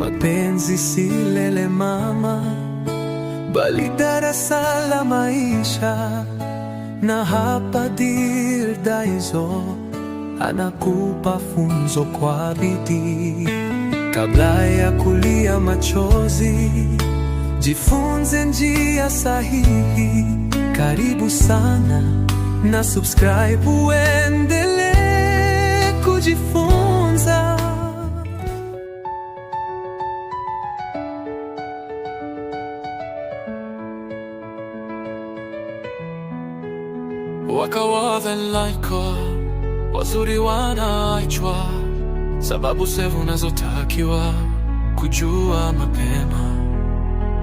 Mapenzi si lele mama, bali darasa la maisha, na hapa Dear Daizo anakupa funzo kwa bidii. Kabla ya kulia machozi, jifunze njia sahihi. Karibu sana na subscribe, uendelee kujifunza. wakawadhalaiko wazuri wanaachwa, sababu sevu unazotakiwa kujua mapema.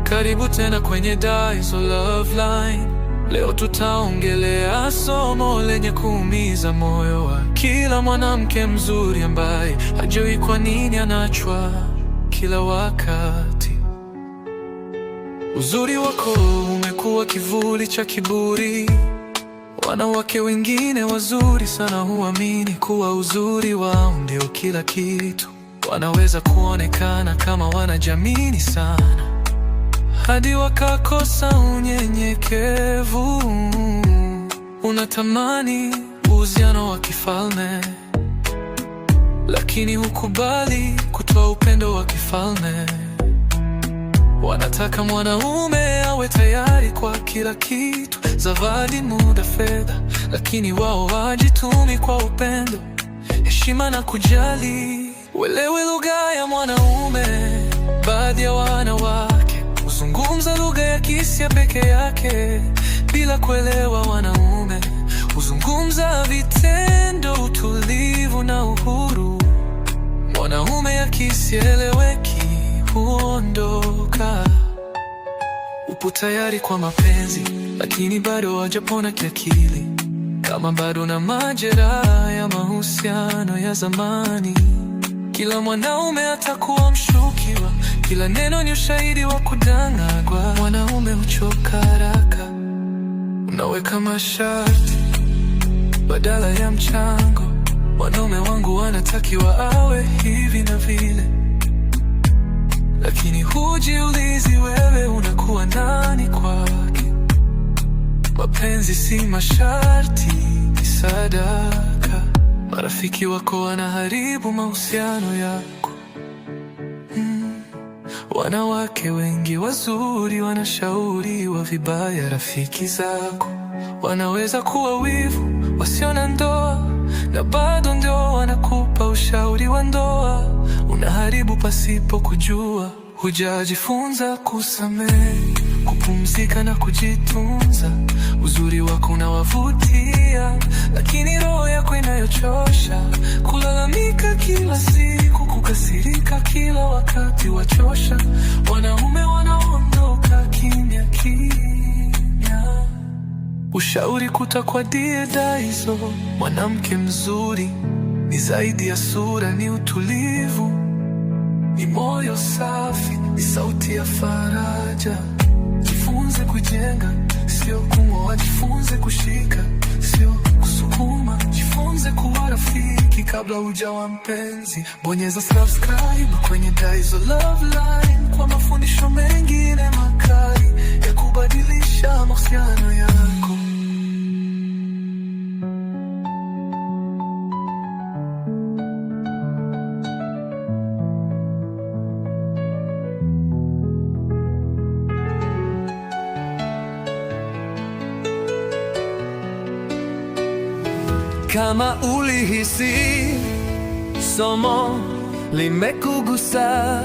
Karibu tena kwenye Daizo Love Line. Leo tutaongelea somo lenye kuumiza moyo wa kila mwanamke mzuri ambaye hajui kwa nini anachwa kila wakati. Uzuri wako umekuwa kivuli cha kiburi Wanawake wengine wazuri sana huamini kuwa uzuri wao ndio kila kitu. Wanaweza kuonekana kama wanajamini sana hadi wakakosa unyenyekevu. Unatamani uhusiano wa kifalme, lakini hukubali kutoa upendo wa kifalme. Wanataka mwanaume awe tayari kwa kila kitu zawadi, muda, fedha, lakini wao wajitumi kwa upendo, heshima na kujali. Welewe lugha ya mwanaume. Baadhi ya wanawake huzungumza lugha ya kisia peke yake bila kuelewa wanaume. Huzungumza vitendo, utulivu na uhuru. Mwanaume akisieleweki huondoka upo tayari kwa mapenzi, lakini bado hajapona kiakili, kama bado na majeraha ya mahusiano ya zamani. Kila mwanaume atakuwa mshukiwa, kila neno ni ushahidi wa kudanganywa. Mwanaume huchoka haraka, unaweka masharti badala ya mchango. mwanaume wangu wanatakiwa awe hivi na vile, lakini huji Mapenzi si masharti, ni sadaka. Marafiki wako wanaharibu mahusiano yako. Mm. Wanawake wengi wazuri wanashauriwa vibaya. Rafiki zako wanaweza kuwa wivu, wasio na ndoa, na bado ndio wanakupa ushauri wa ndoa. Unaharibu pasipo kujua hujajifunza kusamehe, kupumzika na kujitunza. Uzuri wako unawavutia, lakini roho yako inayochosha. Kulalamika kila siku, kukasirika kila wakati, wachosha. Wanaume wanaondoka kimya kimya. Ushauri kutakwa die hizo Mwanamke mzuri ni zaidi ya sura, ni utulivu ni moyo safi, ni sauti ya faraja. Jifunze kujenga, sio kung'oa. Jifunze kushika, sio kusukuma. Jifunze kuwa rafiki kabla ujawa mpenzi. Bonyeza subscribe kwenye Daizo Love Line kwa mafundisho mengine makali ya kubadilisha mahusiano yako. Kama ulihisi somo limekugusa,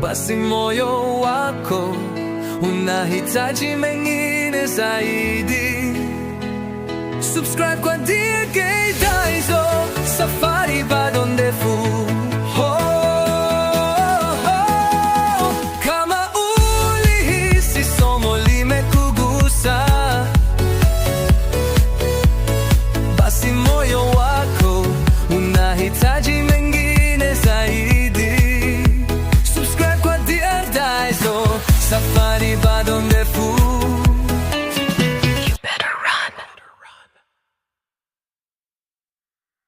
basi moyo wako unahitaji mengine zaidi. Subscribe kwa DK Daizo, safari bado ndefu.